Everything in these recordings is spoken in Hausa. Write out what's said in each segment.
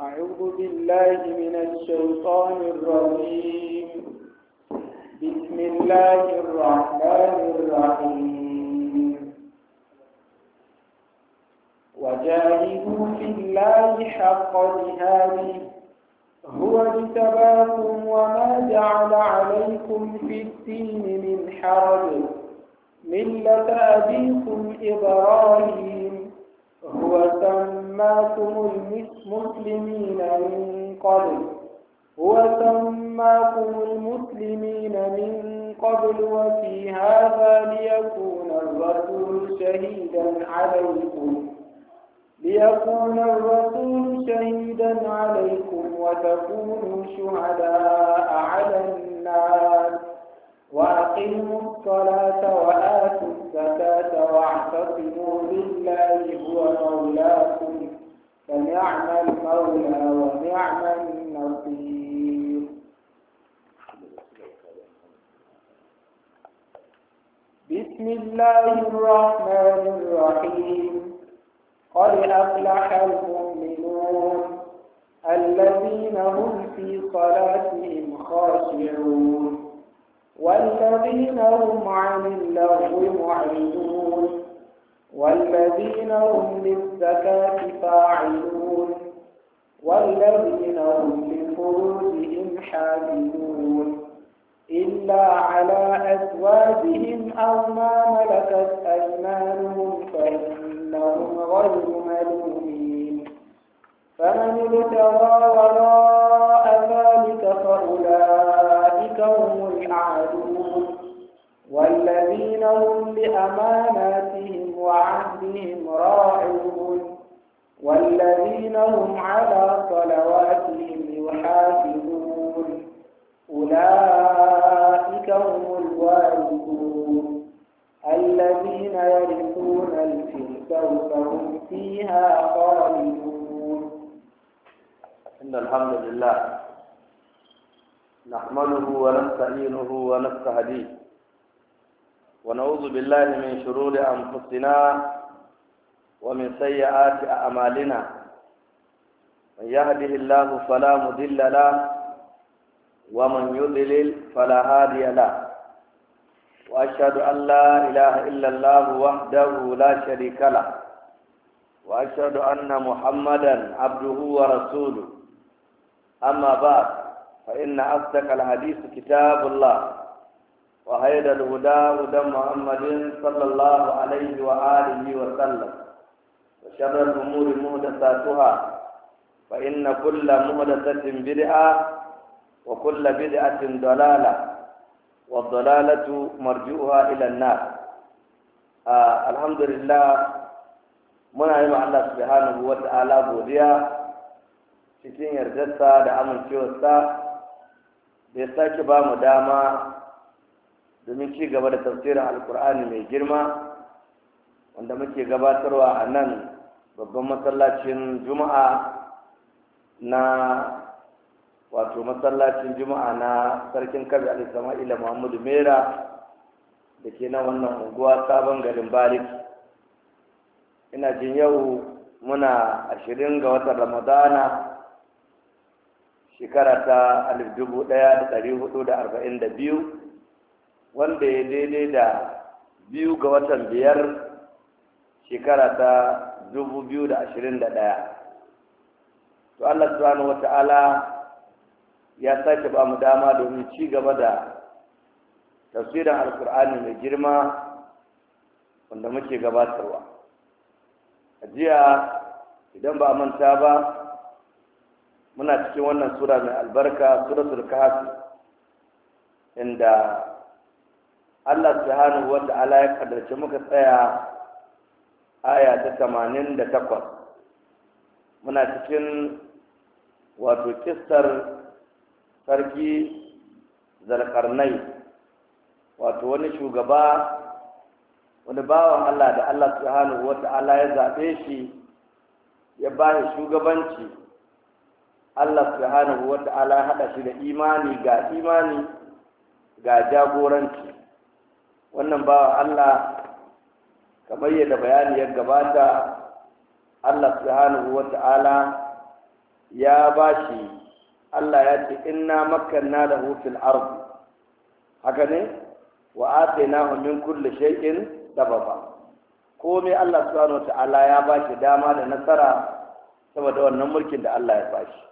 أعوذ بالله من الشيطان الرجيم بسم الله الرحمن الرحيم وجاهدوا في الله حق جهاده هو اجتباكم وما جعل عليكم في الدين من حرج ملة أبيكم إبراهيم هو سماكم المسلمين من قبل هو سماكم المسلمين من قبل وفي هذا ليكون الرسول شهيدا عليكم ليكون الرسول شهيدا عليكم وتكونوا شهداء على الناس وأقيموا الصلاة وآتوا الزكاة واعتصموا بالله هو مولاكم فنعم المولى ونعم النصير بسم الله الرحمن الرحيم قد أفلح المؤمنون الذين هم في صلاتهم خاشعون والذين هم عن اللغو معرضون والذين هم للزكاة فاعلون والذين هم لفروجهم حافظون إلا على أزواجهم أو ما ملكت أيمانهم فإنهم غير إنهم هم على صلواتهم يحافظون أولئك هم الوارثون الذين يرثون الفردوس هم فيها خالدون إن الحمد لله نحمده ونستعينه ونستهديه ونعوذ بالله من شرور أنفسنا ومن سيئات أعمالنا من يهده الله فلا مضل له ومن يضلل فلا هادي له واشهد ان لا اله الا الله وحده لا شريك له واشهد ان محمدا عبده ورسوله اما بعد فان اصدق الحديث كتاب الله وخير الهدى هدى محمد صلى الله عليه واله وسلم وشر الامور محدثاتها فإن كل مهدسة بدعة وكل بدعة ضلالة والضلالة مرجوها إلى النار آه الحمد لله muna yi Allah subhanahu wa godiya cikin yardarsa da amincewarsa da ya sake ba mu dama domin ci gaba da tafsirin alkur'ani mai girma wanda muke gabatarwa a nan babban masallacin juma'a na wato masallacin juma'a na sarkin kabi ila muhammadu mera da ke nan wannan unguwa sabon garin balik ina jin yau muna ashirin ga watan ramadana shekara ta alif dubu ɗaya da dari hudu da arba'in da biyu wanda ya daidai da biyu ga watan biyar shekara ta dubu biyu da ashirin da ɗaya to Allah subhanahu wata'ala ya sake ba mu dama domin ci gaba da tafsirin alkur'ani mai girma wanda muke gabatarwa a jiya idan ba a manta ba muna cikin wannan sura mai albarka suratul kahfi inda Allah subhanahu wa ta'ala ya kaddace muka tsaya aya ta 88 muna cikin wato kistar sarki zarkarnai wato wani shugaba wani bawan Allah da Allah subhanahu wa ta'ala ya zaɓe shi ya ba shi shugabanci Allah subhanahu wa ta'ala ya haɗa shi da imani ga imani ga jagoranci wannan bawan Allah kamar yadda bayani ya gabata Allah subhanahu wa ta'ala ya bashi Allah ya ce inna makanna da fil ardi haka ne wa atainahu min kulli shay'in sababa komai Allah subhanahu wata'ala ya bashi dama da nasara saboda wannan mulkin da Allah ya bashi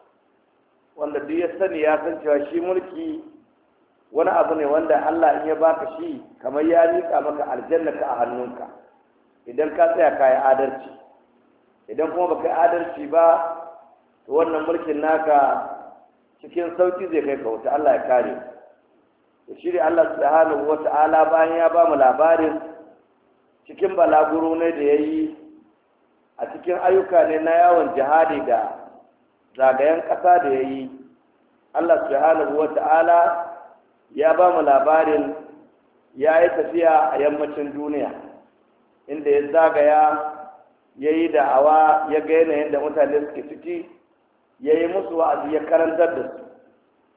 wanda duk ya sani ya san cewa shi mulki wani abu ne wanda Allah in ya baka shi kamar ya nika maka aljanna ka a hannunka idan ka tsaya ka yi adalci idan kuma baka yi adalci ba wannan mulkin naka cikin sauki zai kai ka wuta Allah ya kare da shirya Allah subhanahu wa ta'ala bayan ya ba mu labarin cikin balaguro ne da ya yi a cikin ayyuka ne na yawon jihadi da zagayen ƙasa da ya yi Allah subhanahu wa ta'ala ya ba mu labarin ya yi tafiya a yammacin duniya inda ya zagaya ya yi da'awa ya ga yanayin da mutane suke ciki ya yi musu wa'azi ya karantar da su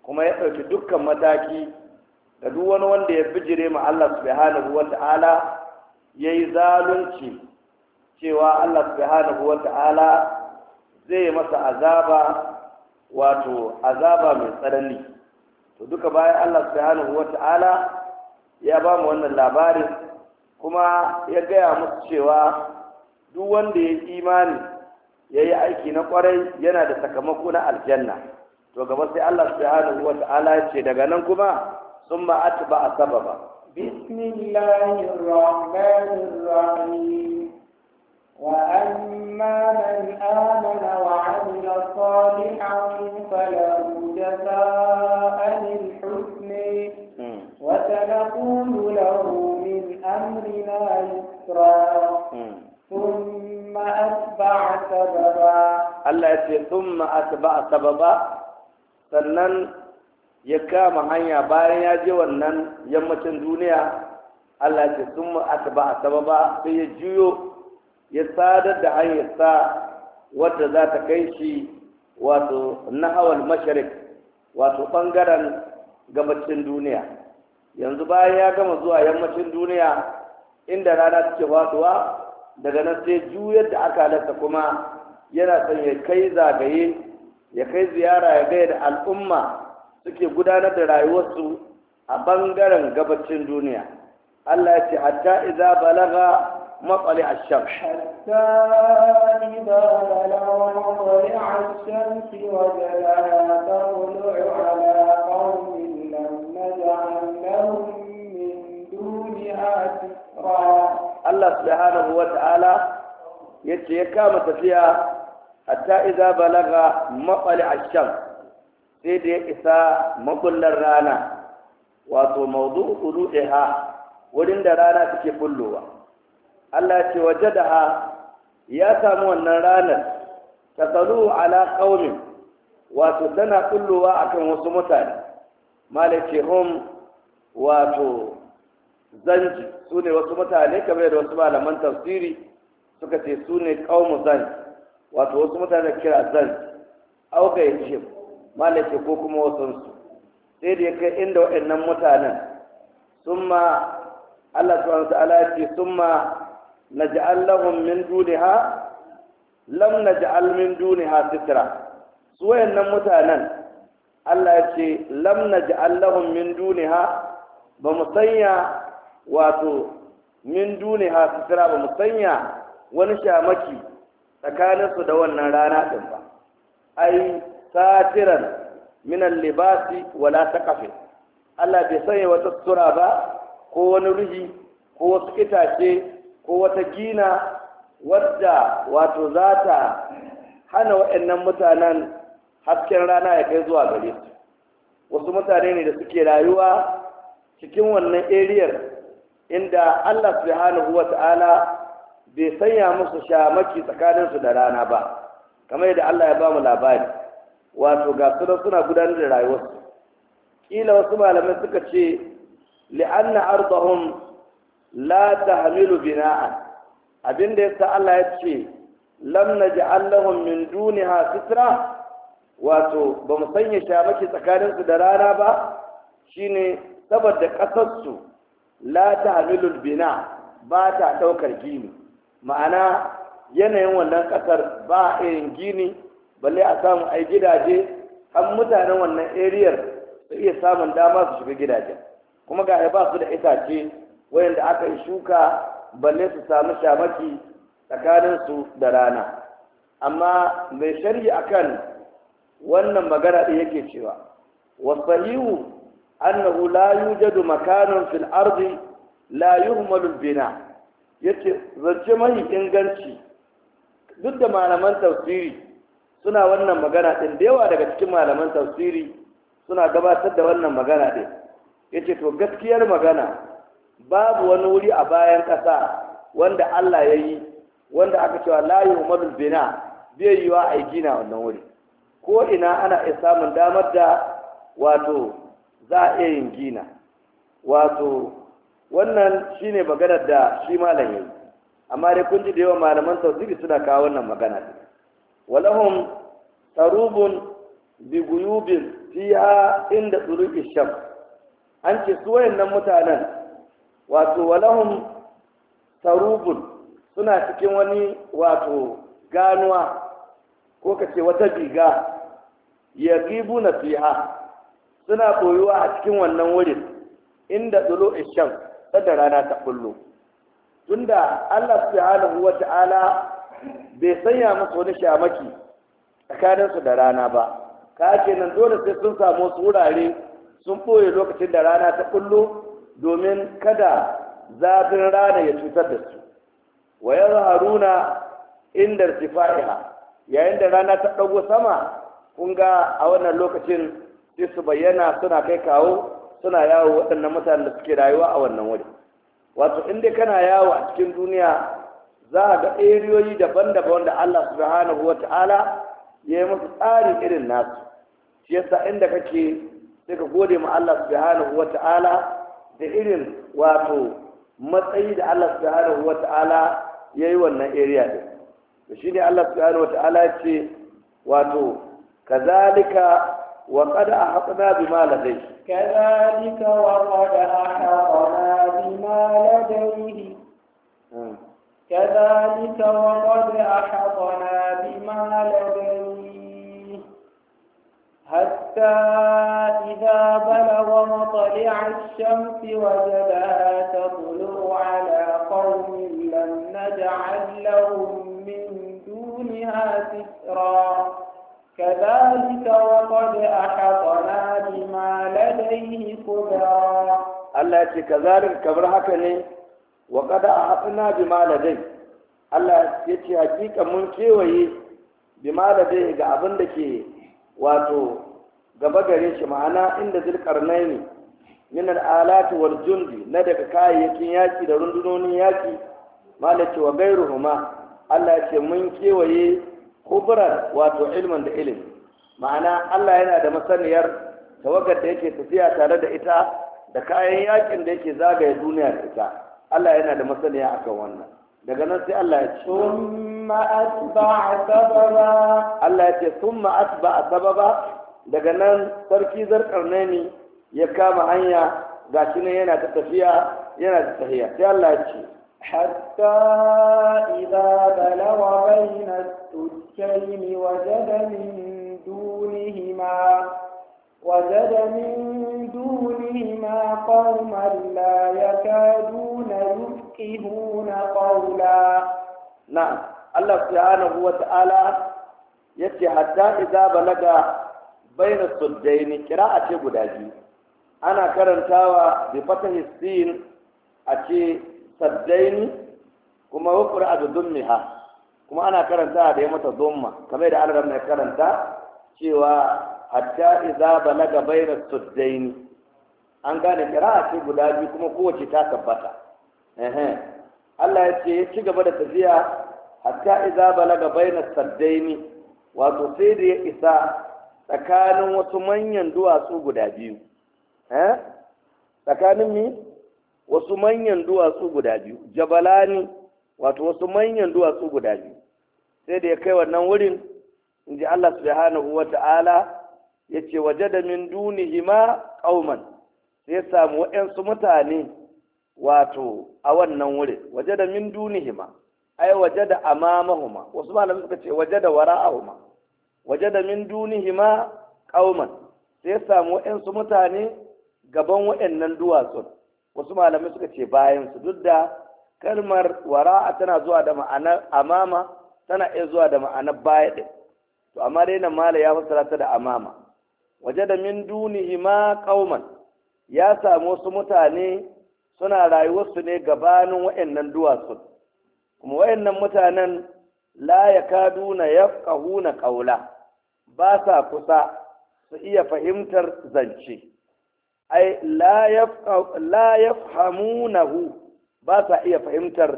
kuma ya ɗauki dukkan mataki da duk wani wanda ya bijire ma Allah subhanahu wa ta'ala ya yi zalunci cewa Allah subhanahu wa ta'ala zai masa azaba wato azaba mai tsanani to duka bayan Allah subhanahu wa ta'ala ya ba mu wannan labarin kuma ya gaya musu cewa duk wanda ya imani ya yi aiki na kwarai yana da sakamako na aljanna to gaba sai Allah subhanahu wa ta'ala ce daga nan kuma sun ba a sababa bismillahir rahmanir rahim wa amma man amana wa amila Allah ya ce thumma atba'a ba. sannan ya kama hanya bayan ya je wannan yammacin duniya Allah ya ce thumma atba'a ba. sai ya juyo ya sadar da hanyarsa wadda za ta kai shi wato nahawal masharik wato ɓangaren gabacin duniya yanzu bayan ya gama zuwa yammacin duniya inda rana take wasuwa, daga nan sai juyar da aka halatta kuma yana son ya kai zagaye ya kai ziyara ya gaya da al'umma suke gudanar da rayuwarsu a bangaren gabacin duniya Allah ya ce hatta idza balaga مطلع الشمس حتى إذا بلغ مطلع الشمس وجدها تطلع على قوم لم نجعل min من دونها سترا الله سبحانه وتعالى yace ya kama tafiya hatta idza balaga matsali can, sai da ya isa makullar rana wato mawdu ha, wurin da rana take bullowa Allah ce wajadaha ya samu wannan ranar tasalu ala ƙaunin, wato tana kullowa akan wasu mutane malace hum wato zanji su ne wasu mutane kamar da wasu malaman tafsiri suka ce su ne zanji wato wasu mutane kira zan auka shi malake ko kuma wasu sai da ya kai inda waɗannan mutanen summa Allah subhanahu ta'ala ya ce summa naj'al lahum min dunha lam naj'al min dunha sitra su waɗannan mutanen Allah ya ce lam naj'al lahum min dunha ba mu sanya wato min dunha sitra ba mu sanya wani shamaki tsakaninsu da wannan rana ɗin ba ai satiran minan libasi wala taqafi Allah bai sanya wata sura ba ko wani ruhi ko wasu itace ko wata gina wadda wato za ta hana waɗannan mutanen hasken rana ya kai zuwa gare su wasu mutane ne da suke rayuwa cikin wannan eriyar inda Allah subhanahu ta'ala bai sanya musu sha maki tsakaninsu da rana ba kamar yadda Allah ya ba mu labari wato ga da suna gudanar da rayuwarsu kila wasu malamai suka ce li'anna ardahum la tahmilu bina'an abinda yasa Allah ya ce lam naj'al lahum min duniha sitra wato ba mu sanya maki tsakaninsu da rana ba shine saboda kasarsu la tahmilu bina ba ta daukar gini ma'ana yanayin wannan ƙasar ba irin gini balle a samu ai gidaje an mutanen wannan ariyar su iya samun dama su shiga gidajen kuma ga ba su da itace wayanda aka yi shuka balle su samu shamaki su da rana amma mai shari'a akan wannan magana da yake cewa wasahihu annahu la yujadu makanun fil ardi la yuhmalu bina yace zance mai inganci duk da malaman tafsiri suna wannan magana ɗin da yawa daga cikin malaman tafsiri suna gabatar da wannan magana din yace to gaskiyar magana babu wani wuri a bayan ƙasa wanda Allah ya yi wanda aka cewa la yumadul bina bai wa a gina wannan wuri ko ina ana iya samun damar da wato za a iya yin gina wato wannan shi ne maganar da shi malam yi amma dai kun ji da yawa malaman tausiri suna kawo wannan magana walahum tarubun biguyubin guyubin inda tsuru isham an ce su wayannan mutanen wato walahum tarubun suna cikin wani wato ganuwa ko ka ce wata biga yaqibu na fiha suna koyuwa a cikin wannan wurin inda tsuru isham kada rana ta kullo tunda Allah subhanahu wa ta'ala bai sanya musu wani shamaki tsakaninsu da rana ba ka kenan dole sai sun samu wasu wurare sun boye lokacin da rana ta kullo domin kada zafin rana ya cutar da su wa haruna inda sifaiha yayin da rana ta dago sama kun ga a wannan lokacin sai su bayyana suna kai kawo suna yawo waɗannan mutanen da suke rayuwa a wannan wuri wato in dai kana yawo a cikin duniya za a ga eriyoyi daban-daban wanda Allah subhanahu wa ta'ala ya yi masa tsarin irin nasu shi yasa inda kake sai ka gode ma Allah subhanahu wa ta'ala da irin wato matsayi da Allah subhanahu wa ta'ala ya yi wannan area Da shi ne Allah subhanahu wa ta'ala ya ce wato kazalika wa qad ahqna bima ladayhi كذلك وقد أحطنا بما لديه آه. كذلك وقد أحطنا بما لديه حتى إذا بلغ مطلع الشمس وجدها تطلع على قوم لم نجعل لهم من دونها سترا كذلك وقد أحطنا بما لديه خبرا الله يقول كذلك كبر هكذا وقد أحطنا بما لديه Allah ya ce hakika mun kewaye bi zai ga abin da ke wato gaba gare shi ma'ana inda zulkarnai ne min al'alati wal jundi na daga kayayyakin yaki da rundunonin yaki ce wa gairu huma Allah ya ce mun kewaye kuburan wato ilmin da ilim ma'ana Allah yana da masaniyar tawagar da yake tafiya tare da ita da kayan yakin da yake zagaye duniya da ita Allah yana da masaniya akan wannan daga nan sai Allah ya ce summa atba'a sababa Allah ya ce summa atba'a sababa daga nan sarki ne ya kama hanya gashi nan yana ta tafiya yana ta tafiya sai Allah ya ce حتى إذا بلغ بين السجين وجد من دونهما وجد من دونهما قوما لا يكادون يفقهون قولا نعم الله سبحانه وتعالى يتي حتى إذا balaga بين السجين qira'a ce أنا biyu ana karantawa bi fatahi saddaini kuma wufur a dummiha kuma ana karanta da ya mata zumma kamar da Allah mai karanta cewa hatta idza balaga bayna saddaini an gane kira ce guda biyu kuma kowace ta tabbata eh Allah ya ce ya ci gaba da tafiya hatta idza balaga bayna saddaini wato sai da ya isa tsakanin wasu manyan duwatsu guda biyu eh tsakanin mi wasu manyan duwatsu guda biyu jabalani wato wasu manyan duwatsu guda biyu sai da ya kai wannan wurin in ji Allah subhanahu wa ta'ala ya ce waje da min dunihima kauman sai samu wa'yansu mutane wato a wannan wurin waje da min dunihima ai waje da amamahuma wasu malamai suka ce waje da wara'ahuma waje da min hima kauman sai samu wa'yansu mutane gaban wa'yannan duwatsun wasu malamai suka ce bayan su duk da kalmar wara'a tana zuwa da ma'anar amama tana iya zuwa da ma'anar baya ɗin to amma dai nan mala ya fassara ta da amama waje da min dunihi ma qauman ya samu wasu mutane suna rayuwarsu ne gabanin wa'annan duwatsu. kuma wa'annan mutanen la yakaduna yafqahuna qawla ba sa kusa su iya fahimtar zance ai la yafhamunahu ba sa iya fahimtar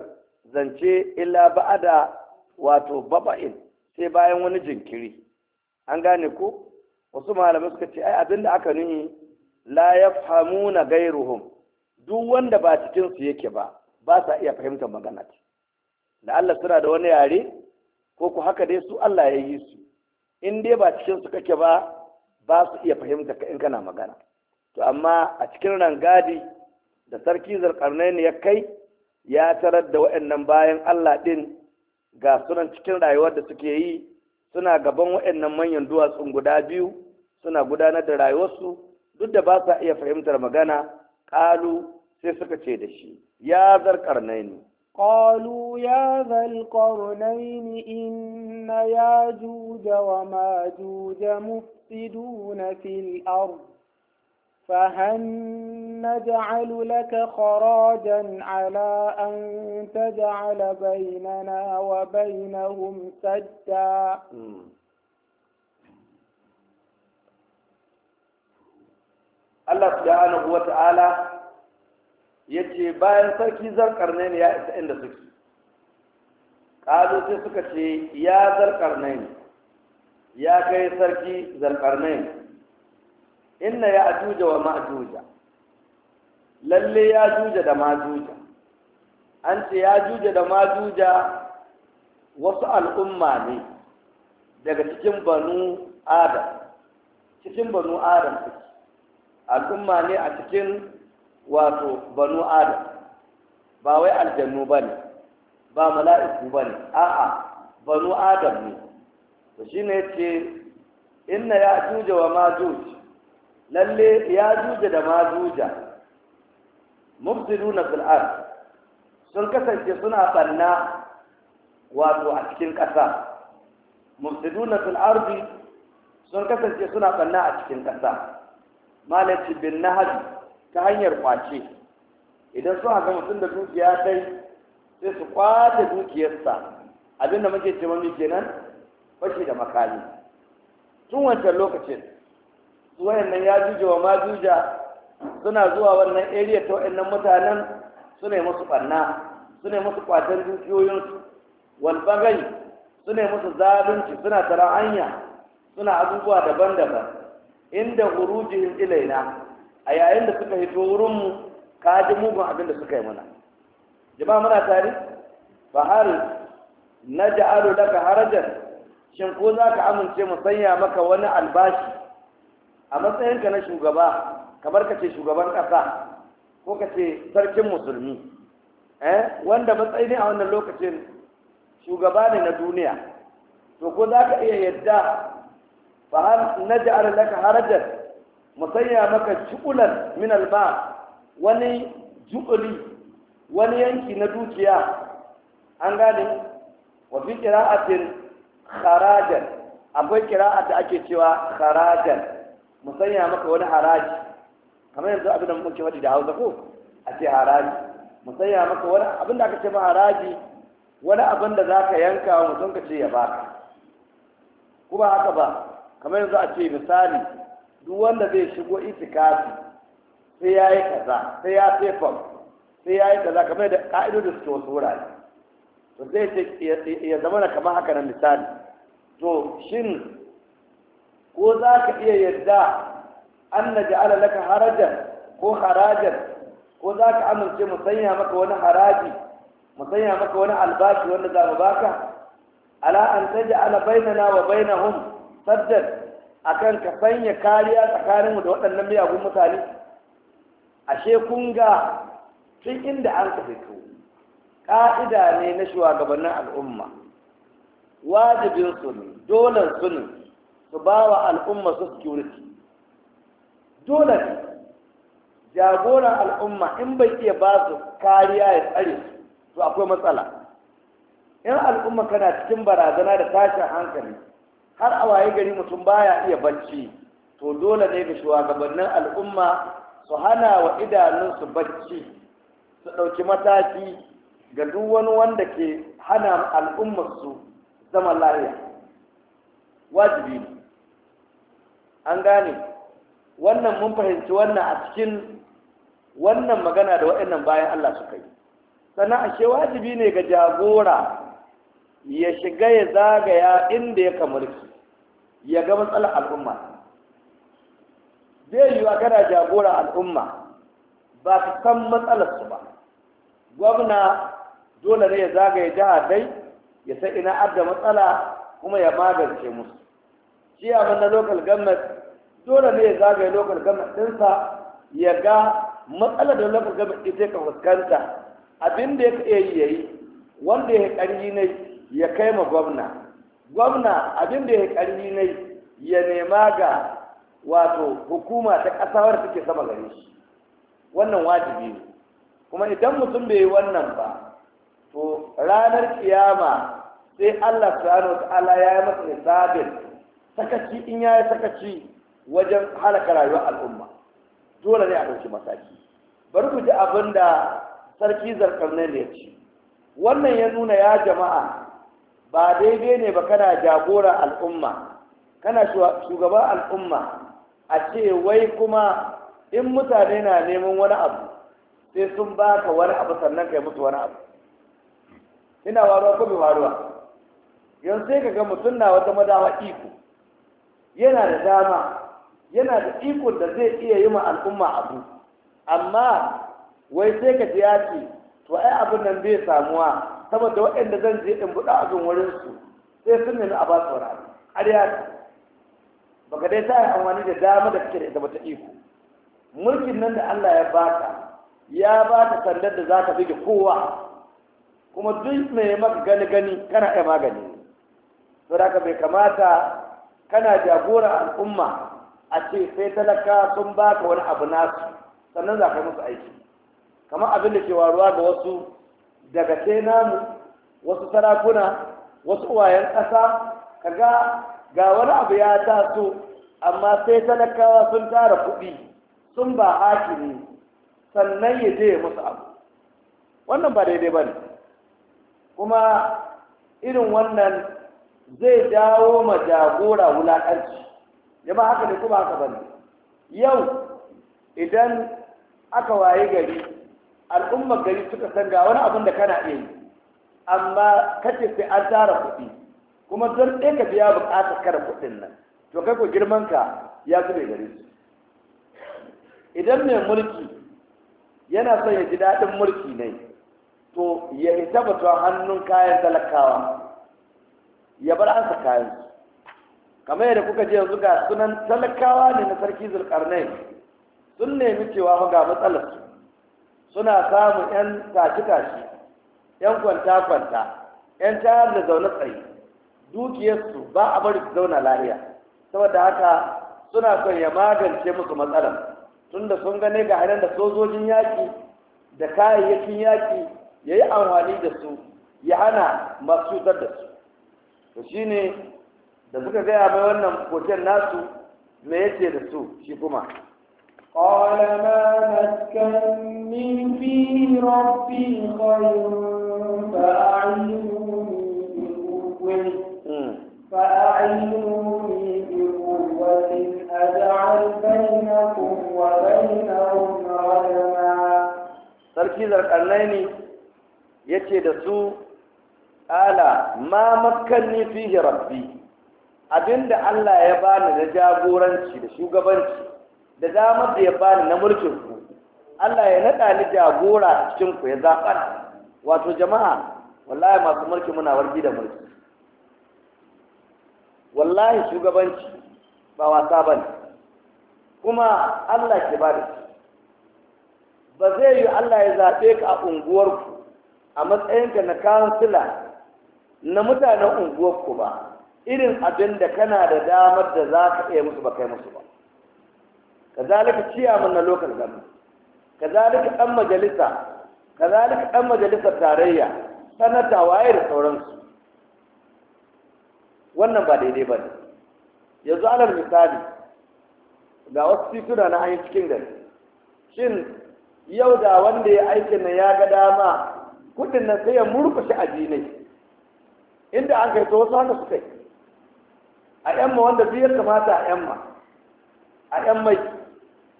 zance illa ba'ada wato baba'in sai bayan wani jinkiri an gane ko wasu malamai suka ce ai abinda aka nuni la yafhamuna gairuhum duk wanda ba cikin su yake ba ba sa iya fahimtar magana da Allah suna da wani yare ko ku haka dai su Allah ya yi su in dai ba cikin su kake ba ba su iya fahimta ka in kana magana to amma a cikin rangadi da sarki zarkarnaini ya kai ya tarar da waɗannan bayan allah ɗin ga sunan cikin rayuwar da suke yi suna gaban waɗannan manyan duwatsun guda biyu suna gudanar da rayuwarsu duk da ba sa iya fahimtar magana ƙalu sai suka ce da shi ya zarkarnaini قالوا يا ذا القرنين إن ياجوج وماجوج مفسدون في الأرض فهل نجعل لك خراجا على أن تجعل بيننا وبينهم سدا Allah subhanahu wa ta'ala ya ce bayan sarki zarkarnai ne ya isa inda suke ƙazo sai suka ce ya zarkarnai ya kai sarki zarkarnai inna ya ajuja wa ma'ajuja lalle ya juja da majuja an ce ya juja da majuja wasu al'umma ne daga cikin banu adam cikin banu adam suke al'umma ne a cikin wato banu adam ba wai aljannu ba ne ba mala'iku ba ne a'a banu adam ne to shi ne ce inna ya juja wa majuja lalle ya juja da ma juja mufsiduna fil ard sun kasance suna banna wato a cikin ƙasa mufsiduna fil ard sun kasance suna banna a cikin ƙasa malaci bin nahabi ta hanyar kwace idan sun haka mutum da dukiya dai sai su kwace dukiyarsa abinda muke ce mami kenan fashi da makali tun wancan lokacin wayannan ya juje wa ma suna zuwa wannan area ta wayannan mutanen suna musu ɓanna suna musu kwatan dukiyoyinsu wal bagai suna musu zalunci suna tara hanya suna abubuwa daban-daban inda hurujihim ilaina a yayin da suka hito wurinmu ka ji mugun abin da suka yi mana jama'a muna tare fa hal naj'alu laka harajan shin ko za ka amince mu sanya maka wani albashi a matsayinka na shugaba kamar ka ce shugaban ƙasa ko ka ce sarkin musulmi eh wanda matsayi ne a wannan lokacin shugaba ne na duniya to ko za ka iya yadda fa hal naj'al laka mu sanya maka shukulan min alba wani ju'uli wani yanki na dukiya an gane wa fi qira'atin kharajan akwai qira'a da ake cewa kharajan mu sanya maka wani haraji kamar yanzu abin da muke faɗi da hausa ko a ce haraji mu sanya maka wani abin da aka ce ma haraji wani abin da za ka yanka wa mutum ka ce ya baka ko ba haka ba kamar yanzu a ce misali duk wanda zai shigo itikafi sai ya yi kaza sai ya sai fam sai ya yi kaza kamar da ka'idodin suke wasu wurare to zai ce ya zama na kamar haka na misali to shin ko za ka iya yadda an na ja'ala laka harajan ko harajan ko za ka amince mu sanya maka wani haraji mu sanya maka wani albashi wanda za mu baka ala an ta baina bainana wa bainahum saddan akan ka sanya kariya tsakaninmu da waɗannan miyagun mutane ashe kun ga tun inda an ka fito ƙa'ida ne na shugabannin al'umma wajibin su ne dole su ne su ba wa al'umma su security dole ne jagoran al'umma in bai iya ba su kariya ya tsare su to akwai matsala in al'umma kana cikin barazana da tashin hankali har a waye gari mutum baya iya bacci to dole ne ga shugabannin al'umma su hana wa idanunsu bacci su ɗauki mataki ga duk wani wanda ke hana su zama lafiya wajibi an gane wannan mun fahimci wannan a cikin wannan magana da waɗannan bayan Allah suka yi sannan ashe wajibi ne ga jagora ya shiga ya zagaya inda ya kamurki ya ga matsalar al'umma zai wa kana jagora al'umma ba su san matsalarsu ba gwamna dole ne ya zagaya jiha dai ya sai ina adda matsala kuma ya magance musu Shi abin na local government dole ne ya zagaye lokacin ɗinsa ya ga matsalar da lokacin government ɗin sai ka fuskanta abin da ya iya yi ya yi wanda ya ƙarfi ne ya kai ma gwamna gwamna abinda da ya ƙarfi ne ya nema ga wato hukuma ta ƙasa wadda take sama gare shi wannan wajibi ne kuma idan mutum bai yi wannan ba to ranar kiyama sai Allah subhanahu wa ta'ala ya yi masa hisabin sakaci in ya yi sakaci wajen halaka rayuwar al'umma dole ne a ɗauki mataki bari ku ji abin da sarki ne ya ce wannan ya nuna ya jama'a ba daidai ne ba kana jagora al'umma kana shugaban al'umma a ce wai kuma in mutane na neman wani abu sai sun baka wani abu sannan kai musu wani abu ina waruwa ko bai waruwa yanzu sai ka ga mutum na wata madawa iko yana da dama yana da ikon da zai iya yi ma al'umma abu amma wai sai ka ji yaki to ai abin nan bai samuwa saboda waɗanda zan je in buɗa abin wurin su sai sun nemi a ba su wani abu ƙarya ka dai ta yi amfani da dama da kake da ita bata iko mulkin nan da Allah ya baka ya baka sandar da za zaka bige kowa kuma duk mai maka gani gani kana iya magani to da bai kamata kana jagora al'umma a ce sai talaka sun baka wani abu nasu sannan za ka musu aiki kamar abin da ke waruwa ga wasu daga sai namu wasu sarakuna wasu uwayen ƙasa ka ga ga wani abu ya taso amma sai talakawa sun tara kuɗi sun ba ne sannan ya je musu abu wannan ba daidai ba ne kuma irin wannan zai dawo ma jagora wulaƙanci jama haka ne kuma haka bane yau idan aka waye gari al'ummar gari suka san ga wani abin da kana iya yi amma kace sai an tara kuɗi kuma don ɗaya ka biya buƙatar kara kuɗin nan to kai ko girman ka ya zube garinsu. idan mai mulki yana son ya ji daɗin mulki ne to ya hita batun hannun kayan talakawa ya bar ansa kayan su kamar yadda kuka ji yanzu ga sunan talakawa ne na sarki zulkarnai sun nemi cewa ga matsalar suna samun yan tashi-tashi yan kwanta-kwanta yan tayar da zaune tsaye dukiyarsu ba a bari su zauna lariya, saboda haka suna son ya magance musu matsalar tunda sun gane ga hanyar da sojojin yaƙi da kayayyakin yaƙi ya yi amfani da su ya hana masu cutar da su to shine da suka gaya mai wannan koken nasu me yace da su shi kuma قال ما مكني فيه ربي خير فأعينوني بقوة أجعل بينكم وبينهم sarki zarkallaini ya ce da su ala ma makanni fihi rabbi abinda Allah ya bani na jagoranci da shugabanci da damar da ya bani na mulkin ku Allah ya naɗa ni jagora a cikin ku ya zaɓa wato jama'a wallahi masu mulki muna wargi da mulki wallahi shugabanci ba wasa ba ne kuma Allah ke ba da shi ba zai yi Allah ya zaɓe ka a unguwarku a matsayinka na kansila na mutanen unguwarku ba irin abin da kana da damar da za ka iya musu ba kai musu ba kazalika ciyaman na lokal gami kazalika ɗan majalisa kazalika ɗan majalisar tarayya sanata waye da sauransu wannan ba daidai ba ne yanzu alal misali ga wasu tituna na hanyar cikin gari shin yau da wanda ya aikin nan ya ga dama kudin nan sai ya murkushe jinai. inda an kai to wasu hannu su kai. a yamma wanda duk ya kamata a yamma a ƴan mai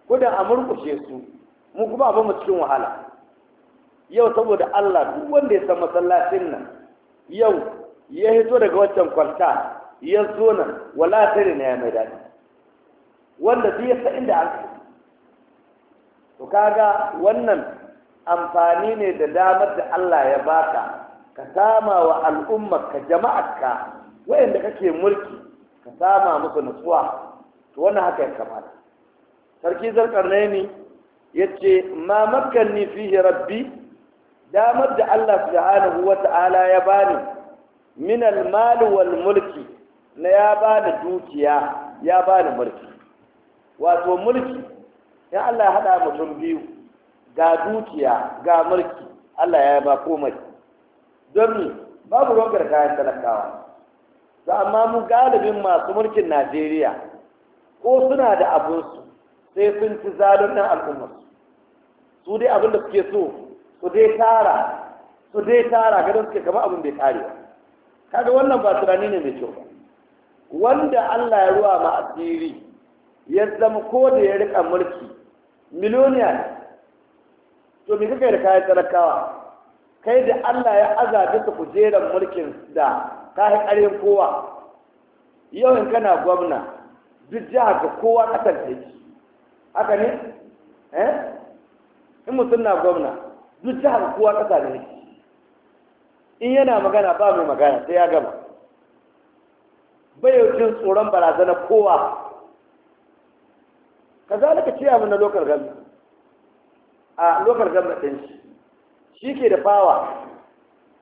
gudun a murkushe su mu kuma abin cikin wahala yau saboda Allah duk wanda ya san masallacin nan yau ya hito daga wancan kwalta ya zo nan wala tare na ya mai daɗi wanda duk ya san inda an to kaga wannan amfani ne da damar da Allah ya baka ka sama wa al'ummarka jama'arka waɗanda kake mulki ka sama musu nutsuwa to wannan haka ya kamata sarki ne ya ce ma makanni fihi rabbi damar da Allah subhanahu wa ta'ala ya bani min al mulki na ya bani dukiya ya bani mulki wato mulki in Allah ya hada mutum biyu ga dukiya ga mulki Allah ya ba komai don babu ruwan kayan talakawa to amma mu galibin masu mulkin najeriya ko suna da abinsu sai sun ci zalun nan al'ummarsu su dai abin da suke so su dai tara su dai tara gadon suke kama abin bai kare ba kaga wannan ba tunani ne mai kyau ba wanda Allah ya ruwa ma asiri ya zama ko da ya rika mulki miliyoniya ne to me kake da kayan talakawa kai da Allah ya azabe su kujerar mulkin da ka yi ƙarin kowa yau in kana gwamna duk jihar ga kowa ƙasar ta yi haka ne eh in mutum na gwamna duk jihar ga kowa kasar ta yi. in yana magana ba mai magana sai ya gama bai jin tsoron barazanar kowa ka za ka ciya mana lokal gami a lokal gami ɗin shi shi ke da fawa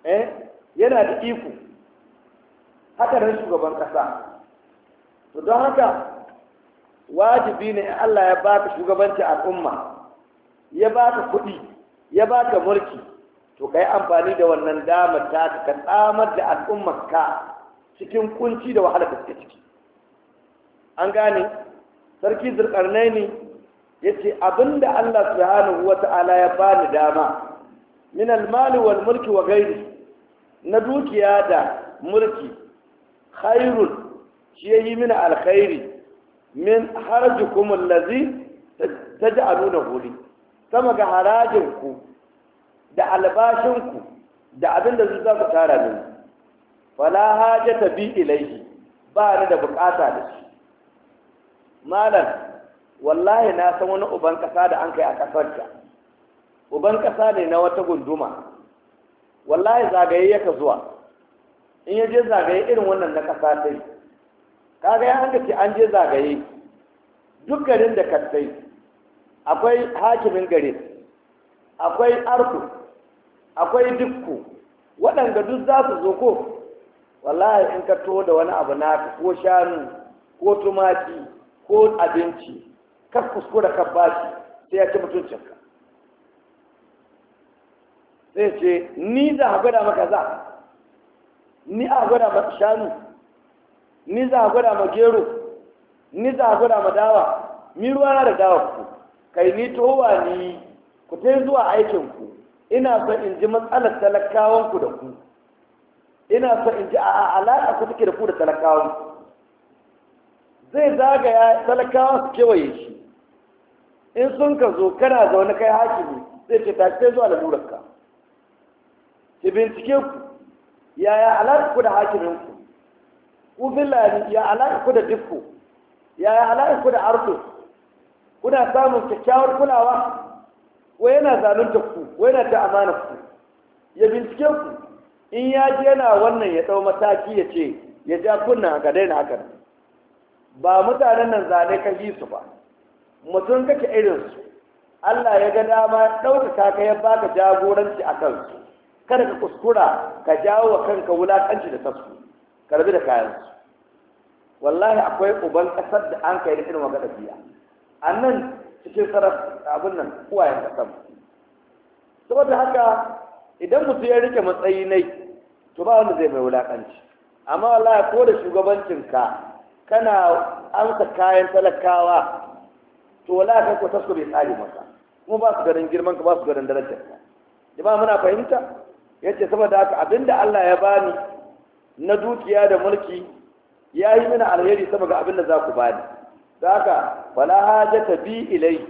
eh yana da iko haka na shugaban kasa to don haka wajibi ne in Allah ya baka shugabanci al'umma ya baka kuɗi ya baka mulki to kai amfani da wannan damar ta ka tsamar da al'ummar ka cikin kunci da wahala da suke ciki an gane sarki zurkarnaini ya ce abinda Allah subhanahu wa ta'ala ya bani dama min almali wal mulki wa gairi na dukiya da mulki khairun shi ya yi mini alkhairi min ji a nuna huli sama ga harajin ku da albashin ku da abin da za ku tara mini fala hajata bi ba ni da bukata da shi malam wallahi na san wani uban kasa da an kai a kasarta uban kasa ne na wata gunduma wallahi zagaye yaka zuwa in yaje zagaye irin wannan na ƙasa ta yi kaga ya hanga ce an je zagaye duk garin da sai akwai hakimin gare akwai arku akwai dukku waɗanda duk za su zo ko wallahi in ka to da wani abu naka ko shanu ko tumaki ko abinci ka kuskura ka shi sai ya ci mutuncinka sai ce ni za a gwada maka za ni a gwada ma shanu ni za a gwada ma gero ni za a gwada ma dawa ni ruwa na da dawa ku kai ni towa ni ku ta zuwa aikin ku ina son in ji matsalar talakawan ku da ku ina son in ji a alaƙa ku take da ku da talakawan ku zai zagaya talakawan su kewaye shi in sun ka zo kana zaune kai hakimi zai ce ta ce zuwa lalurarka ki bincike ku yaya alaƙa ku da hakiminku ku billahi ya alaƙa da dukku yaya alaƙa ku da arko kuna samun kyakkyawar kulawa ko yana zalunta ku ko yana ta amana ku ya bincike ku in ya ji yana wannan ya ɗau mataki ya ce ya ja kunna ga daina haka ba mutanen nan zane ka ji su ba mutum kake su. Allah ya ga dama ɗaukaka ka ya baka jagoranci a kansu kada ka kuskura ka jawo wa kanka wulakanci da tasku karbi da kayansu. wallahi akwai uban kasar da an kai da irin waka biya a cikin sarrafa abin nan uwayen kasar saboda haka idan mutum ya rike matsayi nai to ba wanda zai mai wulakanci amma wallahi ko da shugabancinka kana amsa kayan talakawa to wallahi kai ko tasku bai tsari maka kuma ba su garin girman ka ba su garin darajar ka jama'a muna fahimta yace saboda haka abinda Allah ya bani na dukiya da mulki ya yi mini alheri saboda abinda za ku bani da haka wala ta bi ilai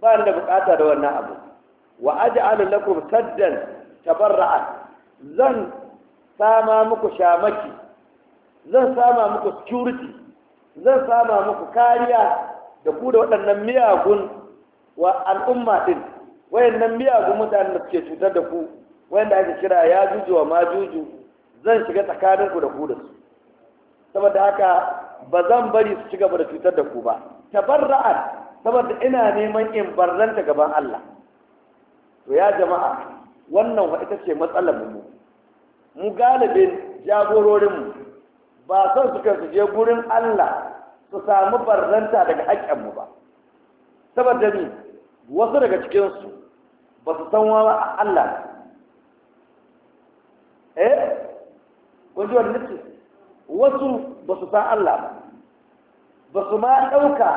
ba ni da bukata da wannan abu wa aj'alu lakum saddan tabarra'a zan sama muku shamaki zan sama muku security zan sama muku kariya da ku da waɗannan miyagun wa al'umma din wayannan miyagun mutanen da suke cutar da ku wanda ake kira ya juju wa majuju zan shiga tsakaninku da ku da su saboda haka ba zan bari su ci gaba da cutar da ku ba tabarra'a saboda ina neman in barzanta gaban Allah to ya jama'a wannan wa ita ce matsalar mu mu galibin jagororin mu ba son su kai su je gurin Allah su samu barzanta daga haƙƙin mu ba saboda ni wasu daga cikin su ba su san wa Allah eh wanda wanda nake wasu ba su san Allah ba ba su ma ɗauka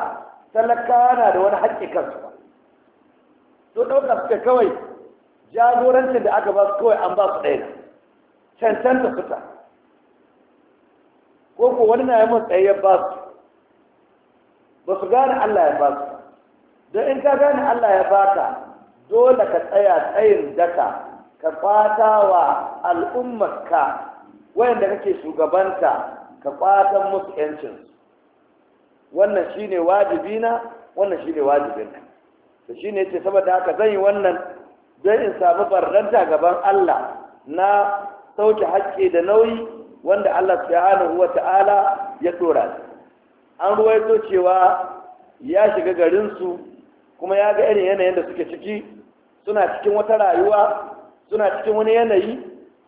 talakawa na da wani haƙƙi kansu ba to ɗauka suke kawai jagorancin da aka ba su kawai an ba su ɗaya cancanta fita ko ko wani na yi matsayi ya ba su ba su gane Allah ya ba su don in ka gane Allah ya ba ka dole ka tsaya tsayin daka ka kwata wa al'ummarka wayanda kake shugabanta ka kwatan musu yancin wannan shine wajibi na wannan shine wajibin ka to shine yace saboda haka zan yi wannan don in samu barranta gaban Allah na sauke haƙƙi da nauyi wanda Allah subhanahu wata'ala ya dora an ruwaito cewa ya shiga garinsu kuma ya ga irin yanayin da suke ciki suna cikin wata rayuwa suna cikin wani yanayi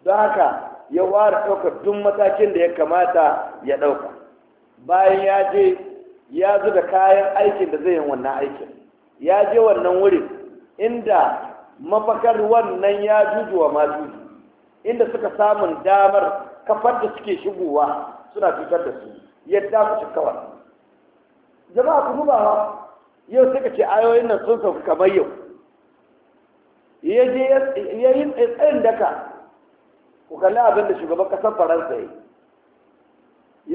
don haka ya ware ɗaukar duk matakin da ya kamata ya ɗauka bayan ya je ya da kayan aikin da zai yi wannan aikin ya je wannan wurin inda mafakar wannan ya jujuwa ma juju inda suka samun damar kafar da suke shigowa suna cutar da su yadda ku kawai jama'a ku duba yau suka ce ayoyin nan sun sauka kamar yau ya je ya yi tsayin daka ku kalli abin da shugaban kasar faransa ya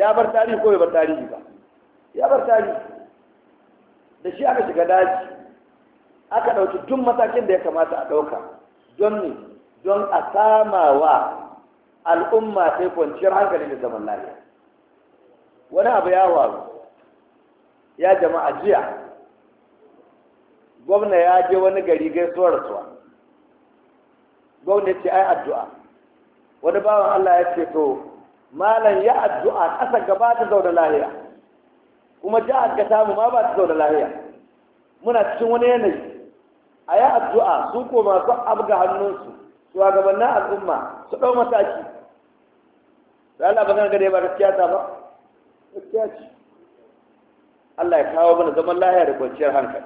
ya bar tarihi ko bai bar tarihi ba ya bar tarihi da shi aka shiga daji aka ɗauki duk matakin da ya kamata a ɗauka don ne don a sama wa al'umma sai kwanciyar hankali da zaman lafiya wani abu ya waru ya jama'a jiya gwamna ya je wani gari gaisuwar suwa ce ai addu'a wani bawan Allah ya ce to malam ya addu'a ƙasa gaba ta zauna lahiya kuma jihar ka samu ma ba ta zauna lahiya muna cikin wani yanayi a yi addu'a su ko masu abga hannunsu su na al'umma su ɗau mataki da Allah ba ga dai ba gaskiya ta ba gaskiya ce Allah ya kawo mana zaman lahiya da kwanciyar hankali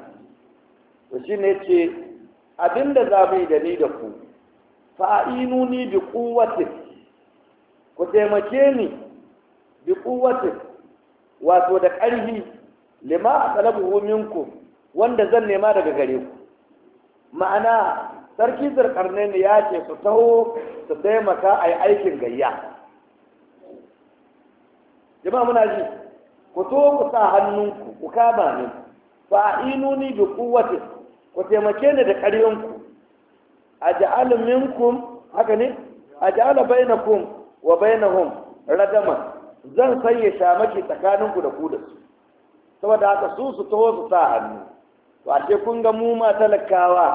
to shine ce abinda za mu yi da ni da ku fa'inuni bi kuwatin ku taimake ni bi kuwatin wato da ƙarfi lima a talabuhu minku wanda zan nema daga gare ku ma'ana sarki zarkarne ne ya ce su taho su taimaka a yi aikin gayya jama'a muna ji ku to ku sa hannunku ku kama ni fa'inuni bi kuwatin ku taimake ni da ƙarfinku aj'al minkum haka ne aj'al bainakum wa bainahum radama zan sanya shamaki tsakaninku da ku da su saboda haka su su taho su sa hannu to ashe kun ga mu ma talakawa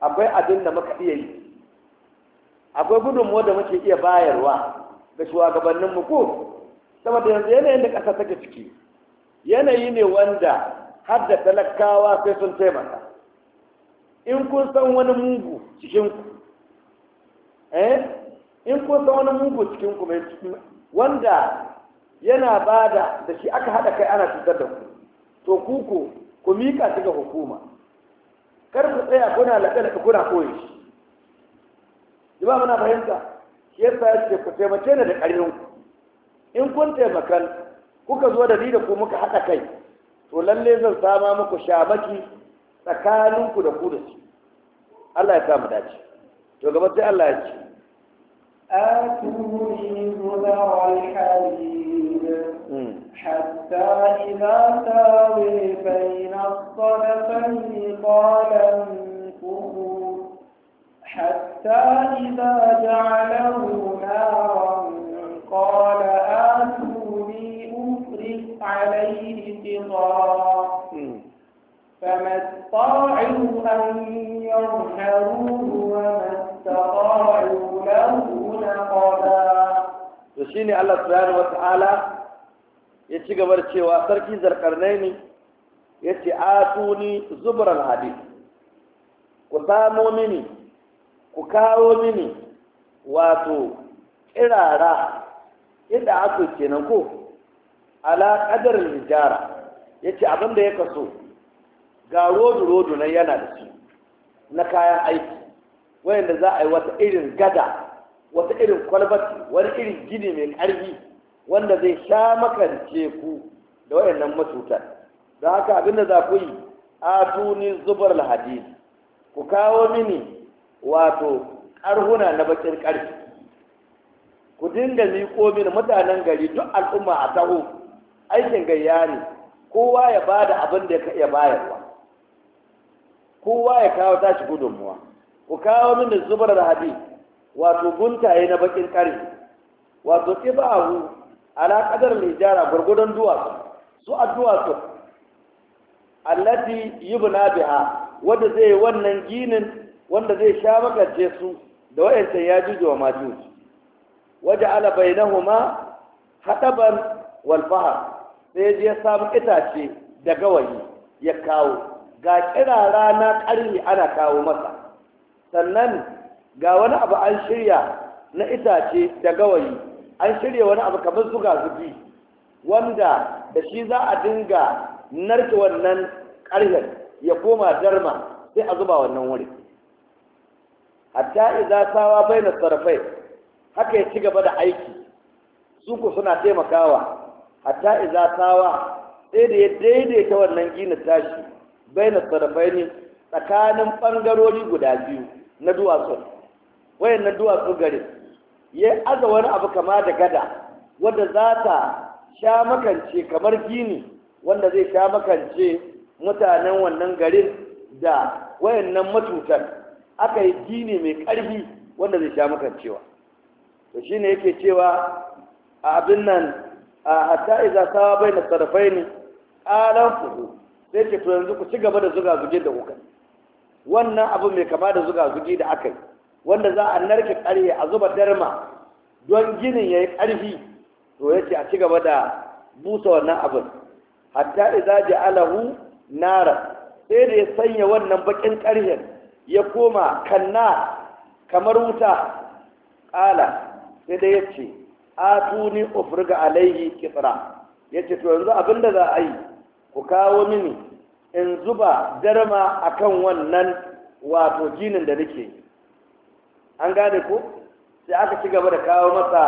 akwai abin da muka iya yi akwai gudunmuwa da muke iya bayarwa ga shugabanninmu ko saboda yanzu yanayin da ƙasa take ciki yanayi ne wanda har da talakawa sai sun taimaka in kun san wani mugu Cikinku? eh in kun san wani mugu cikinku mai cikin wanda yana bada da shi aka hada kai ana cutar da ku to ku ku ku mika shi ga hukuma kar ku tsaya kuna laɗe da kuna koyi shi jima muna fahimta shi yasa ya ce ku taimake ni da ƙarfin ku in kun taimakan kuka zo da ni da ku muka haɗa kai to lalle zan sama muku shamaki tsakaninku da ku da shi Allah ya sa mu dace to gaba sai Allah آتوني ذرع الحديد حتى إذا ساوي بين الصدفين قال انفخوا حتى إذا جعله نارا قال آتوني أفرغ عليه قطرا فما استطاعوا أن يظهروه وما ya ci gaba da cewa sarki Zarkarnaini ya ce a tuni zubarar hadis ku samo mini ku kawo mini wato irara inda aka kenan ko ala ƙadarin hijara ya ce abinda ya kaso ga rodu-rodu nan yana da su na kayan aiki wayanda za a yi wata irin gada wata irin kwalbati wani irin gini mai ƙarfi wanda zai sha makance ku da wayannan matutan Da haka abinda za ku yi atuni zubar lahadis ku kawo mini wato ƙarhuna na bakin ƙarfi ku dinga miƙo mini mutanen gari duk al'umma a taho aikin gayya ne kowa ya bada abin da ya bayarwa kowa ya kawo tashi gudunmuwa ku kawo mini zubar da hadi wato guntaye na bakin ƙarfi wato tibahu alaƙadar mai jara gwargwadon duwatsu su a duwatsu allati Yubunabi'a biha wanda zai wannan ginin wanda zai sha makarce su da wayancan ya juju wa majuj waje ala na huma haɗaban walfahar sai ya samu itace da gawayi ya kawo ga kira rana ƙarni ana kawo masa sannan ga wani abu an shirya na itace da gawayi an shirya wani abu kamar zuga zubi, wanda da shi za a dinga narke wannan ƙarhen ya koma darma sai a zuba wannan wuri hatta idan sawa bai na sarfai haka ya ci gaba da aiki su ku suna taimakawa hatta idan sawa sai da ya daidaita wannan ginin tashi baina tsarafai tsakanin ɓangarori guda biyu na duwatsu wayan na duwatsu gari ya aza wani abu kama da gada wadda za ta sha makance kamar gini wanda zai sha makance mutanen wannan garin da wayannan matutan aka yi gini mai ƙarfi wanda zai sha makancewa to ne yake cewa a abin nan a hatta iza sawa bai na tsarafai ne ƙalan fuhu sai ce to yanzu ku ci gaba da zuga zuge da kuka wannan abu mai kama da zuga zuge da aka yi wanda za a narke ƙarfe a zuba darma don ginin ya yi ƙarfi to ya ce a ci gaba da busa wannan abin hatta idza ja'alahu nara sai da ya sanya wannan bakin ƙarfen ya koma kanna kamar wuta ƙala sai da ya ce tuni ufriga alaihi kitra ya ce to yanzu abin da za a yi ku kawo mini in zuba darma akan wannan wato jinin da nake an gane ko sai aka ci gaba da kawo masa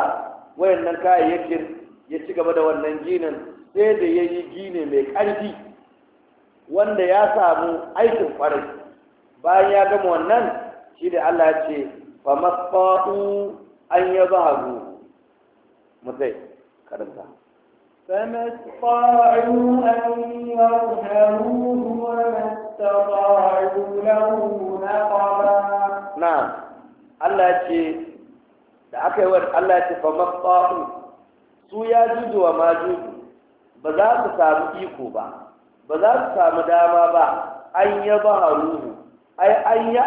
wayannan kayayyakin ya ci gaba da wannan jinin sai da ya yi gini mai ƙarfi wanda ya samu aikin ƙwarai bayan ya gama wannan shi da Allah ce fa masfa'u an ya mutai karanta فما أن وما له نعم Allah ce da aka yi wa Allah ce su ya juju wa ba za su samu iko ba ba za su samu dama ba an yi baharuhu ai an yi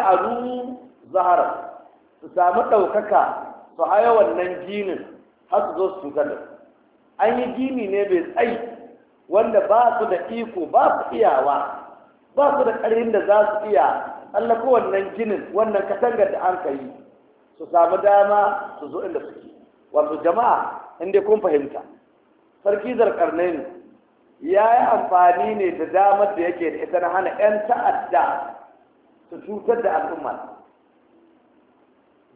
zahara su samu ɗaukaka su haya wannan ginin har su zo su cutar an yi gini ne mai tsayi wanda ba su da iko ba su iyawa ba su da ƙarfin da za su iya tsallako wannan ginin wannan katangar da an kai su samu dama su zo inda suke wato jama'a inda kun fahimta sarki zarkarnai ya yi amfani ne da damar da yake da ita na hana 'yan ta'adda su cutar da al'umma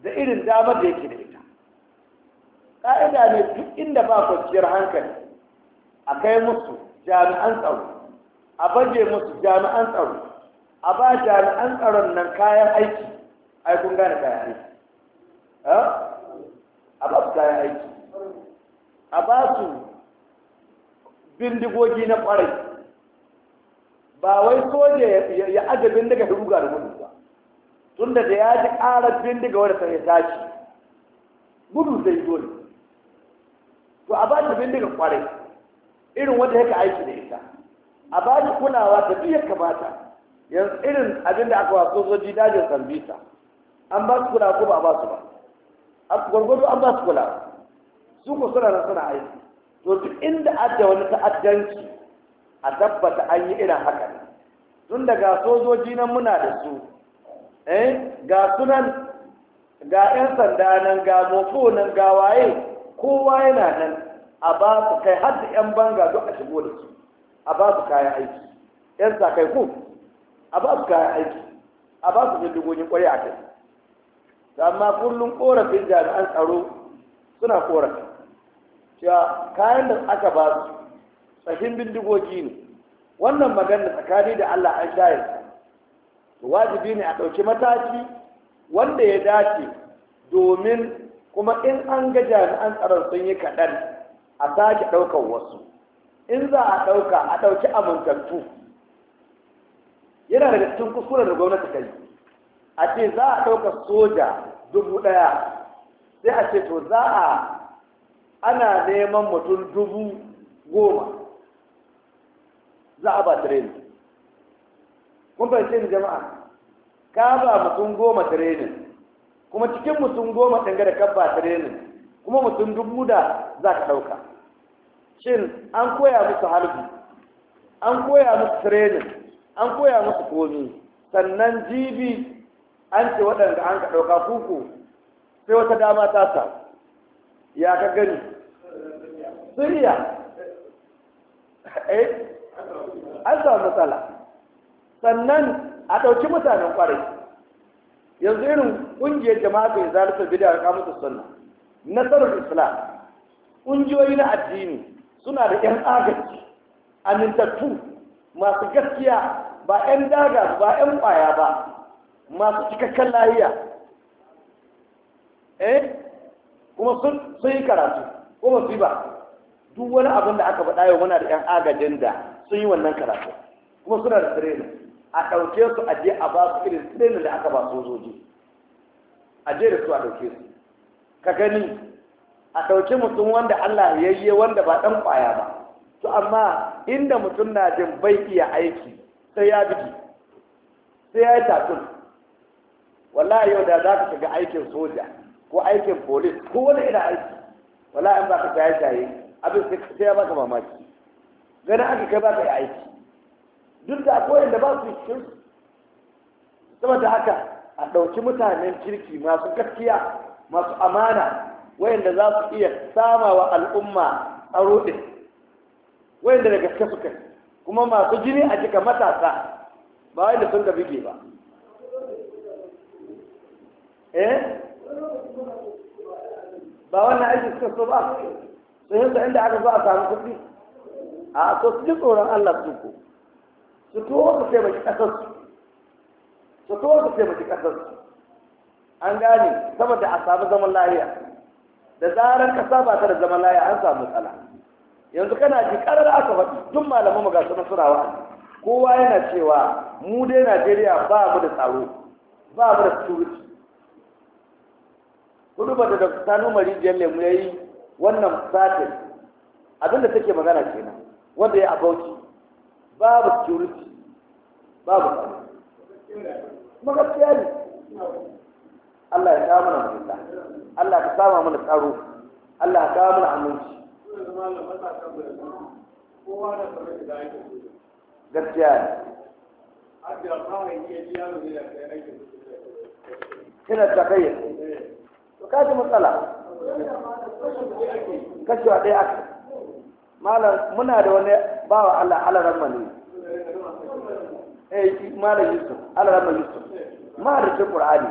da irin damar da yake da ƙa'ida ne duk inda ba kwanciyar hankali a kai musu jami'an tsaro a baje musu jami'an tsaro a ba jami'an tsaron nan kayan aiki ai kun gane kayan aiki eh? a ba su kayan aiki a ba su bindigogi na ƙwarai, ba wai soja ya aje bindiga da ruga da gudu ba tunda da ya ji ƙarar bindiga wadda ta ya tashi gudu zai dole to a ba ta bindiga kwarai irin wanda yake aiki da ita a ba ta kulawa ta biya kamata yanzu irin abin da aka su sojoji dajin sambisa an ba su kula ko ba a ba su ba a gwargwado an ba su kula su ko suna nan suna aiki to duk inda adda wani ta'addanci a tabbata an yi irin haka ne tun da ga sojoji nan muna da su eh ga sunan ga 'yan sanda nan ga mofo nan ga waye kowa yana nan a ba su kai har da 'yan banga duk a shigo da su a ba su kayan aiki 'yan sa kai ko a ba su kayan aiki a ba su bindigogin kwarai a kai amma kullum korafin jami'an tsaro suna korafi cewa kayan da aka ba su tsakin bindigogi ne wannan magana tsakani da allah an shayar wajibi ne a ɗauki mataki wanda ya dace domin kuma in an ga jami'an tsaron sun yi kaɗan a sake ɗaukar wasu in za a ɗauka a ɗauki amintattu yana daga cikin kuskuren da gwamnati ta yi a ce za a ɗauka soja dubu ɗaya sai a ce to za a ana neman mutum dubu goma za a ba tirenin kun fahimci ni jama'a ka ba mutum goma tirenin kuma cikin mutum goma ɗanga da kabba tirenin kuma mutum dubu da za ka ɗauka shin an koya musu harbi an koya musu tirenin an koya musu komi sannan jibi an ce waɗanda an ka ɗauka kuku sai wata dama ta sa ya ka gani siriya eh an samu matsala sannan a ɗauki mutanen ƙwarai yanzu irin ƙungiyar jama'a bai zalisa bida da kamata sunna nasarar islam ƙungiyoyi na addini suna da 'yan agaji amintattu masu gaskiya ba 'yan daga ba 'yan ƙwaya ba masu cikakken lahiya eh kuma sun yi karatu ko su ba duk wani abin da aka faɗa yau muna da 'yan agajin da sun yi wannan karatu kuma suna da training a ɗauke su a je a ba su irin tsirnin da aka ba zoji a je da su a ɗauke su ka gani a ɗauke mutum wanda Allah ya yi wanda ba ɗan ƙwaya ba to amma inda mutum na jin bai iya aiki sai ya biki sai ya yi tatun wallahi yau da za ka shiga aikin soja ko aikin polis ko wani irin aiki wallahi yau ba ka shaye shaye abin sai ya ka mamaki gani aka kai ba ka yi aiki duk da akwai da ba su cikin saboda haka a ɗauki mutanen kirki masu gaskiya masu amana wayanda za su iya sama wa al'umma tsaro ɗin wayanda da gaske suka kuma masu jini a cika matasa ba wayanda sun gabi bige ba eh ba wannan aiki suka so ba sun yi inda aka zo a samu kuɗi a so su ji tsoron Allah su ko su to su taimaki ƙasarsu su su taimaki ƙasarsu an gane saboda a samu zaman lahiya da zarar ƙasa ba ta da zaman lahiya an samu tsala. yanzu kana ji ƙarar aka faɗi duk malaman mu ga su nasarawa kowa yana cewa mu dai Najeriya ba mu da tsaro ba mu da security kudu ba da Dr. Sanu Lemu ya yi wannan satin abinda take magana kenan wanda ya abauci babu security babu kuma gaskiya ne Allah ya kawo mana mutunta Allah ka sama mana tsaro Allah ya kawo mana aminci gaskiya ne kina takayyar to kaji matsala kashewa ɗaya aka malam muna da wani bawa Allah alaramma ne eh malam Yusuf alaramma Yusuf ta Qur'ani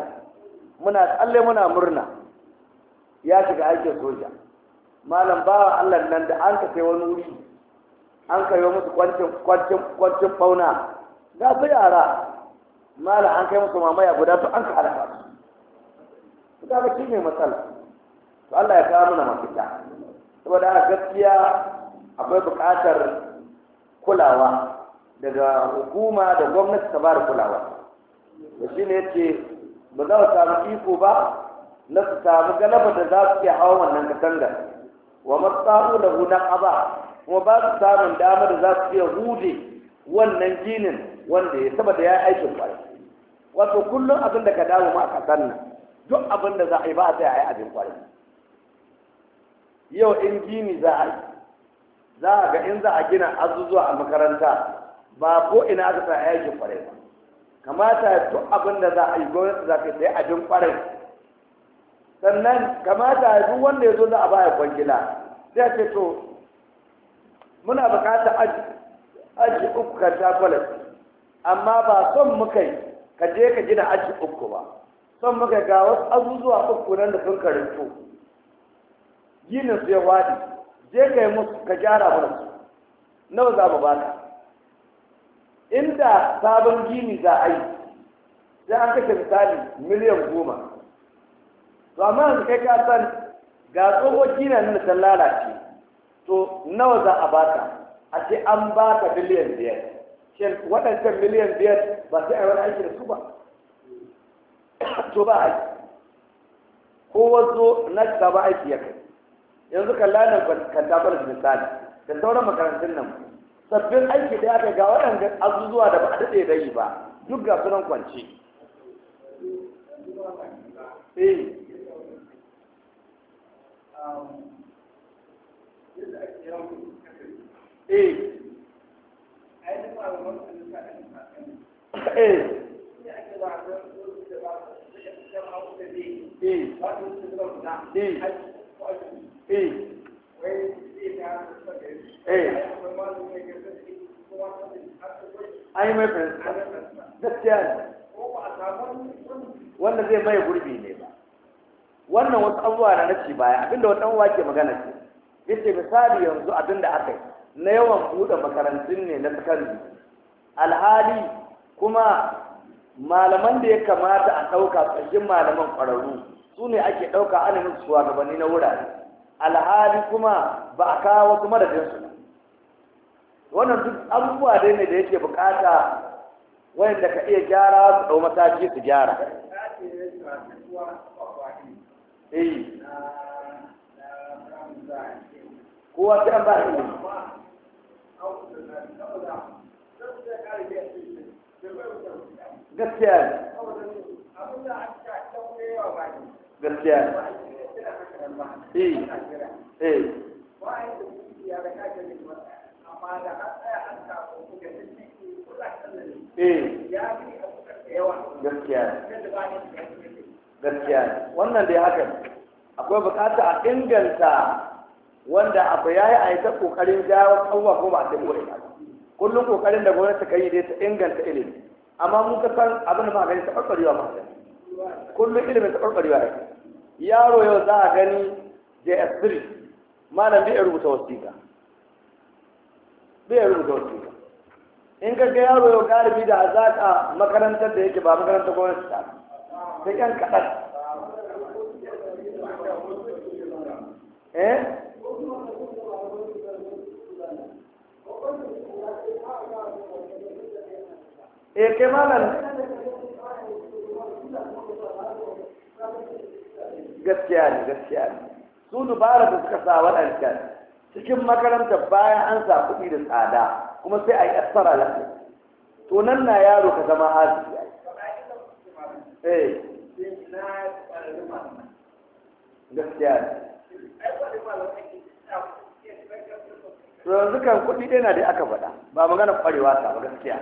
muna tsalle muna murna ya shiga aikin soja malam bawa Allah nan da an ka kai wani wuri an kai musu kwancin kwancin kwancin fauna ga su yara malam an kai musu mamaya guda to an ka halaka su ga ba ne matsala to Allah ya kawo mana mafita saboda gaskiya akwai buƙatar kulawa daga hukuma da gwamnati ta bada kulawa da shi ne ce ba za su samu iko ba na su samu galaba da za su iya hawa wannan katangar wa matsaru da hunan aba kuma ba su samun dama da za su iya hude wannan ginin wanda ya saboda ya aikin kwarai wato kullum abin da ka dawo ma a kasan nan duk abin da za a yi ba a sai a yi abin kwarai yau in gini za a yi za a ga in za a gina azuzuwa a makaranta ba ko ina aka sa yakin kwarai ba kamata duk abin da za a yi gwamnati za ta sai abin kwarai sannan kamata duk wanda ya zo za a baya kwangila sai ce to muna bukatar aji uku kan takwalas amma ba son muka yi ka je ka gina aji uku ba son muka ga wasu azuzuwa uku nan da sun karinto ginin su ya wadi je ka yi musu ka gyara mana su nawa za mu baka inda sabon gini za a yi sai an kashe misali miliyan goma to amma yanzu kai ka san ga tsohon gina nan ta lalace to nawa za a baka a ce an baka miliyan biyar shin waɗancan miliyan biyar ba sai a yi wani aiki da su ba to ba yi kowa zo na gaba aiki ya kai yanzu kalla nan kan da misali da sauran makarantun nan sabbin aiki da aka ga waɗanda azuzuwa da ba a daɗe da yi ba duk ga sunan kwance eh, eh. eh. eh. Eh. Eh. an yi mai fahimta gaskiya ne wanda zai maye gurbi ne ba wannan wasu abubuwa na nace baya abinda wata uwa ke magana ce yace misali yanzu abinda aka yi na yawan buɗe makarantun ne na sakandare alhali kuma malaman da ya kamata a ɗauka ƙarshen malaman ƙwararru su ne ake ɗauka ana musu shugabanni na wurare alhali kuma ba a kawo wasu madadinsu ba wannan duk abubuwa dai ne da yake bukata wanda ka iya gyara su dau mataki su gyara eh kowa sai an ba shi gaskiya gaskiya eh eh gaskiya gaskiya wannan dai haka akwai bukata a inganta wanda abu ya yi a yi ta kokarin jawo kanwa ko ba ta koyi kullum kokarin da gwamnati ka yi dai ta inganta ilimi amma mun ka san abin da ma gani ta ɓarɓarewa ma kullum ilimin ta ɓarɓarewa yake yaro yau za a gani js3 malam bai rubuta wasiƙa bai rubuta wasiƙa in ka ga yaro yau galibi da zaƙa makarantar da yake ba makarantar gwamnati ta sai yan kaɗan eh eh kai malam gaskiya ne gaskiya ne su dubara da suka sa waɗancan cikin makaranta bayan an sa kuɗi da tsada kuma sai a yi asara lafi to nan na yaro ka zama ya yi eh. gaskiya ne yanzu kan kuɗi ɗaya na dai aka faɗa ba magana ƙwarewa ta ba gaskiya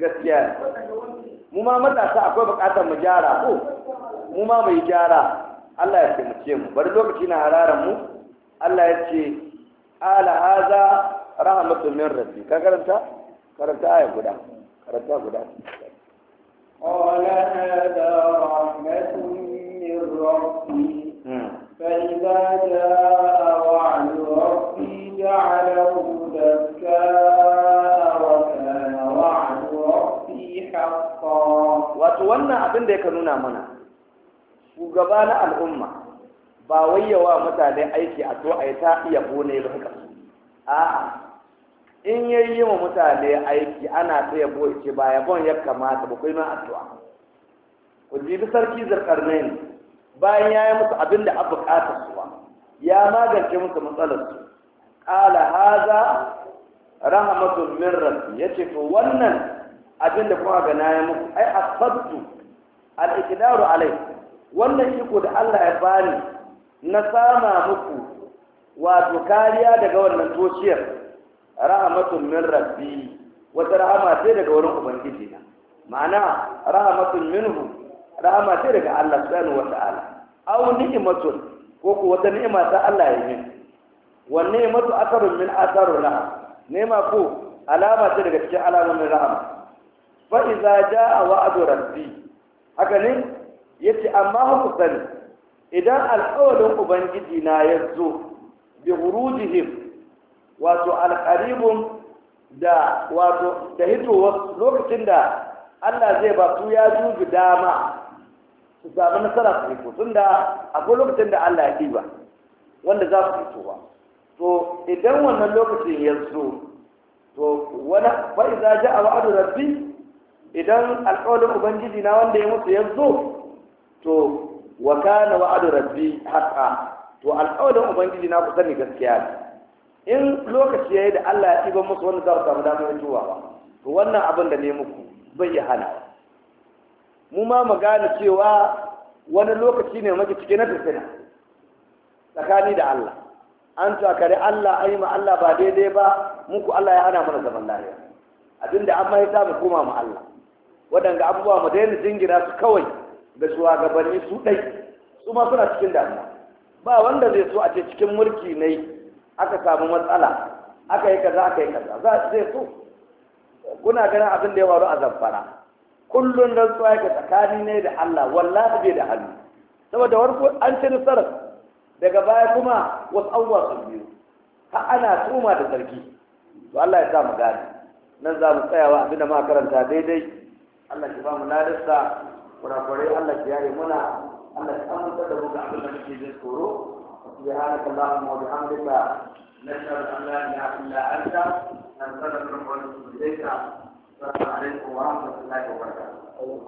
gaskiya mu ma matasa akwai bukatar mu gyara ko mu ma mai gyara Allah ya taimake mu bari lokaci na hararar mu Allah ya ce ala haza rahmatu min rabbi ka karanta karanta aya guda karanta guda hada rahmatu min rabbi hmm. fa idza jaa wannan abin da yake nuna mana shugaba na al'umma ba wayyawa mutane aiki a to a yi ta iya bone ba haka a'a in ya yi wa mutane aiki ana ta yabo ya ce ba ya kamata ba kai ma addu'a ku jibi sarki zarkarnain bayan ya yi musu abin da a bukatar su ya magance musu matsalar su qala haza rahmatun min rabbi yace to wannan abin da kuma ga nayi muku ai asabtu al-iqdaru alai wannan iko da Allah ya bani na sama muku wato kariya daga wannan tociyar rahmatun min rabbi wata rahama sai daga wurin ubangiji na ma'ana rahmatun minhu rahama sai daga Allah subhanahu wa ta'ala aw ni'matun ko ko wata ni'ima ta Allah ya yi wannan ni'matu akarun min na? Ne ni'ma ko alama ce daga cikin alamomin rahama fa iza jaa wa'adu rabbi haka ne yace amma ku sani idan alƙawarin ubangiji na ya zo bi hurujihim wato alqaribun da wato da hitowar lokacin da Allah zai ba su ya juju dama su samu nasara su fito tun da akwai lokacin da Allah ya ba, wanda za su fito to idan wannan lokacin ya zo to wani fa'iza ja a wa'adu rabbi idan alƙawarin ubangiji na wanda ya mutu ya zo to wa kana adu rabbi haqa to alƙawarin ubangiji na ku sani gaskiya ne in lokaci yayi da Allah ya tiba musu wanda za su samu damar mutuwa to wannan abin da ne muku bai ya hana mu ma mu gane cewa wani lokaci ne muke cike na fitina tsakani da Allah an kare Allah yi ma Allah ba daidai ba muku Allah ya hana mana zaman lafiya abinda an mai sa mu koma mu Allah waɗanda abubuwa mu daina jingira su kawai da shugabanni su ɗai su ma suna cikin damuwa ba wanda zai so a ce cikin mulki ne aka samu matsala aka yi kaza aka yi kaza za zai so kuna ganin abin da ya faru a zamfara kullum rantsuwa yake tsakani ne da Allah wallahi bai da hannu saboda warko an ci nasarar daga baya kuma wasu abubuwa sun biyu Ha ana tuma da sarki to Allah ya sa mu gane nan za mu tsayawa abinda ma karanta daidai Allah ki ba mu ladarsa kurakurai Allah ki yaye muna Allah ki amince da muka abin da muke jin tsoro سبحانك اللهم وبحمدك نشهد ان لا اله الا انت نستغفرك ونتوب اليك السلام عليكم ورحمه الله وبركاته